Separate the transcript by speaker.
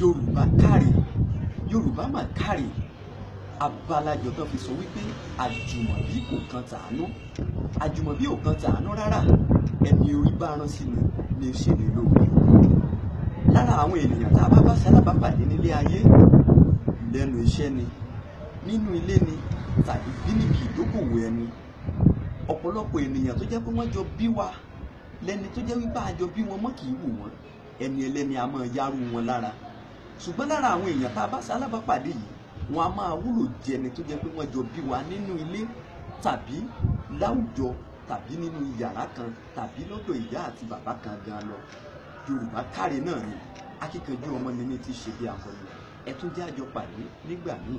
Speaker 1: yorùbá kárí yorùbá mà kárí abalajọ kan fi sọ wípé àjùmọ̀bí kò kan tàánú àjùmọ̀bí ò kan tàánú rárá ẹni orí bá rán sí ni ni ó ṣe lè lóore lára àwọn ènìyàn tá a bá bá sálábàpàdé nílé ayé lẹ́nu iṣẹ́ ni nínú ilé ni tàbí bínìkì ìdókòwò ẹni ọ̀pọ̀lọpọ̀ ènìyàn tó jẹ́ pé wọ́n jọ bí wa lẹ́ni tó jẹ́ wípé àjọ bí wọn mọ́ kì í wù wọ́n ẹni ẹlẹ́ni a máa yárú wọn lára ṣùgbọ́n lára àwọn èèyàn tá a bá ṣe alábàápàdé yìí wọn a máa wúlò jẹni tó jẹ pé wọ́n jọ bí wa nínú ilé tàbí láwùjọ tàbí nínú yàrá kan tàbí lọ́dọ̀ ìyá àti bàbá kan gan lọ yorùbá káre náà ni akíkanjú ọmọ nínú ti ṣe bí akọni ẹ tún jẹ́ àjọpàdé nígbà míì